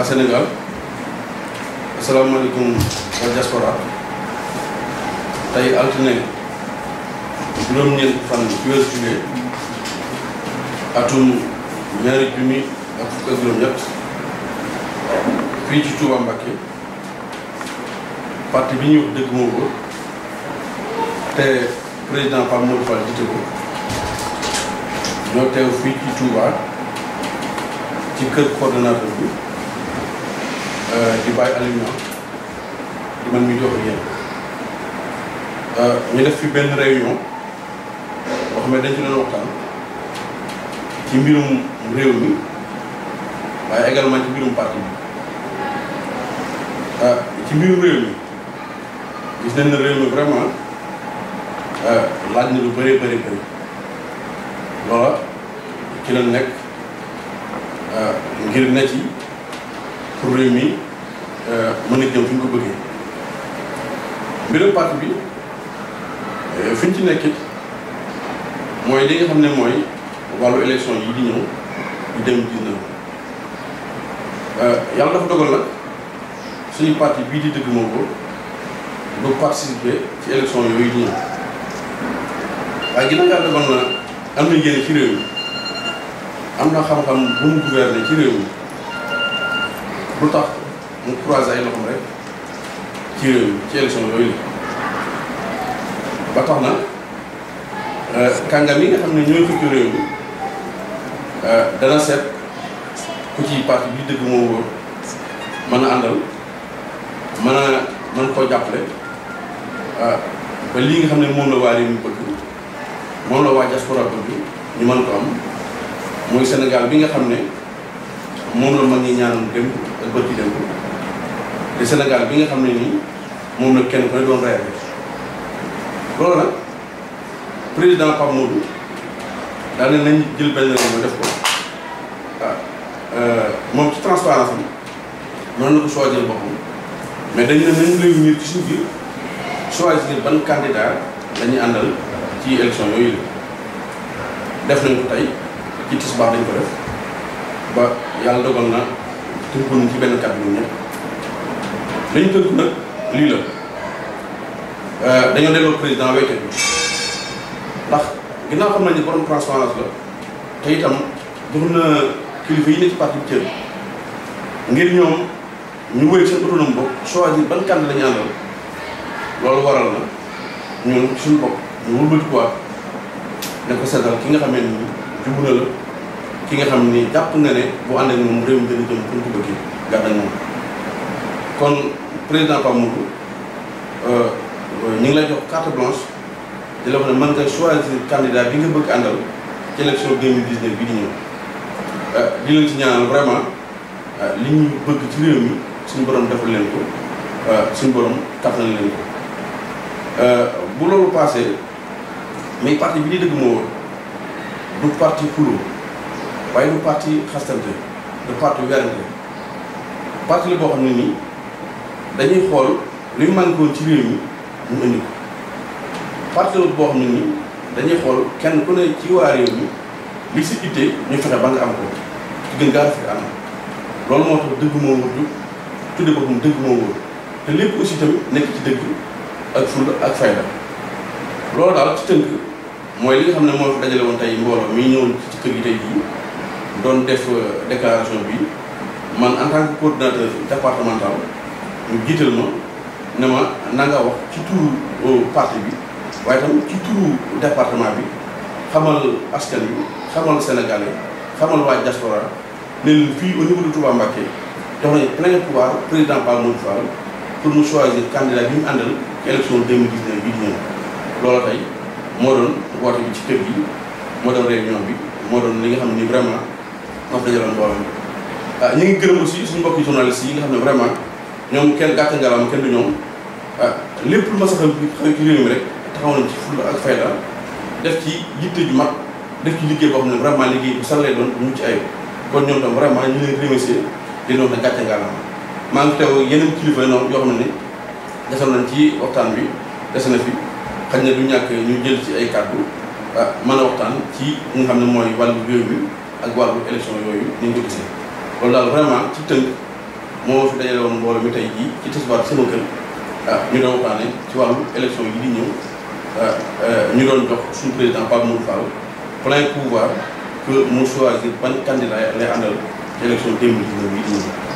à Sénégal asalaamaaleykum wa diaspora tey altine juróom-ñeent fan ci weeru juillet atum ñaari junni ak fukk ak juróom-ñett fii ci Touba Mbacké parti bi ñuy wax dëgg moo ko te président Pape Modou Fall jiite ñoo teew fii ci Touba ci kër coordonnateur bi Euh, di bàyyi aliment di man mi di wax ak def fi benn réunion boo xam ne dañ ci doon ci mbirum réew mi waaye également ci mbirum parti bi euh, ci mbirum réew mi gis nañ ne réew mi vraiment euh, laaj na lu bëree bëri bëri loola ci la nekk ngir na ci pour réew mi Euh, mën a jëm fi ñu ko bëggee mbirum parti bi euh, fi ñu ci nekkit mooy li nga xam ne mooy wàllu élection yi di ñëw di dem dix euh, yàlla dafa dogal nag suñu parti bii di dëgg moo ko du participer ci élection yooyu di ñëw waaye ginnaaw yàlla dogal na am na yéene ci réew yi am na xam-xam bu mu gouverner ci réew mi lu tax mu croisé ay loxoom rek ci réew ci élection yooyu la ba tax na euh, kàngam yi nga xam ne ñooy fukki réew mi euh, dana seet ku ci parti bi dëgg moo wóor mën a àndal mën a mën koo jàppale euh, ba lii nga xam ne moom la waa réew mi bëgg bi nga xam ne moom la mag ñi ñaanoon démb ak bërki démb di Sénégal bi nga xam ne nii moom la kenn koy doon rêve loolu président Pape Modou daal ne def ko waaw ah, euh, moom ci transparence bi noonu la ko choisir boppam mais dañu ne nañ réunir ci suñu biir choisir ban candidat lañuy àndal ci élection yooyu la def nañ ko tey ci tisbaar dañ ko def ba yàlla dogal na tënkuwoon ci benn kàddu ñëpp. dañu tënk nag lii la euh, dañoo delloo président weyte bi ndax ginnaaw xam nañ ne borom transparence la te itam jox na kilifa yi ne ci parti bi cër ngir ñoom ñu wéy seen autonome bopp yi ban kànd la ñu àndal loolu waral na ñun suñu bopp ñu wëlbatikuwaat ne ko seetal ki nga xamee ni jubu la ki nga xam ni jàpp nga ne bu ànd ak moom réew mi dana jëm pour ko bëggee gàtt ak moom. kon président Pape Modou euh, ñu ngi lay jox carte blanche di la wax ne mën nga choisir candidat bi nga bëgg àndal ci élection 2019 bi di ñëw euh, di leen ci ñaanal vraiment euh, li ñuy bëgg ci réew mi suñu borom defal leen ko suñu borom kattan leen ko bu loolu passé mais parti bi di dëgg moo du parti xulo waaye du parti xastante du parti werante parti la boo xam ne nii dañuy xool li luy mànkoo ci réew mi mu indi ko parti boo xam ne nii dañuy xool kenn ku ne ci waa réew mi li si ittee ñu fexe ba nga am ko ci gën gaa fi am loolu moo tax dëgg moo wóor tudde ko dëgg moo wóor te lépp aussi tam nekk ci dëgg ak fulla ak fayda loolu daal ci tënk mooy li xam ne moo fi dajale woon tey mbooloo mi ñëwoon ci kër yi doon def euh, déclaration bi man en tant que coordinateur départemental ñu jiital ma ne ma na wax ci turu euh, parti bi waaye tam ci turu département bi xamal askan yi xamal sénégalais xamal waa diaspora ne leen fii au niveau de Touba Mbacké jox nañu plein pouvoir président Pape Modou Fall pour mu choisir candidat bi mu àndal ci élection 2019 bii ci kër gi moo doon réunion bi moo li nga xam ni vraiment wax dëgg yàlla mbooloo mi. Ah, ñu ngi gërëm aussi suñu mbokki journalistes yi nga xam ne vraiment. ñoom kenn gàtt ngalaam kenn du ñoom ah, lépp lu ma sax xëy ci réew mi rek taxaw nañ ci fulla ak fayda def ci yitte ju mag def ci liggéey boo xam ne vraiment liggéey bu sax lay doon bu mucc ayib kon ñoom tam vraiment ñu leen remercier di wax ne gàcce ngalaam maa ngi teew yeneen kilifa noonu yoo xam ne desal nañ ci waxtaan bi des na fi xañ na du ñàkk ñu jël ci ay kàddu ah, mën a waxtaan ci li nga xam ne mooy wàllu réew mi ak wàllu élection yooyu ni ñu moo fi dajale woon mbooloo mi tey jii ci tisbaar sama kër ah ñu doon waxtaane ci wàllu élection yi di ñëw ah, eh, ñu doon jox suñu président Pape Modou Fall plein pouvoir que mu choisir ban candidat lay àndal ci élection 2019 yi di ñëw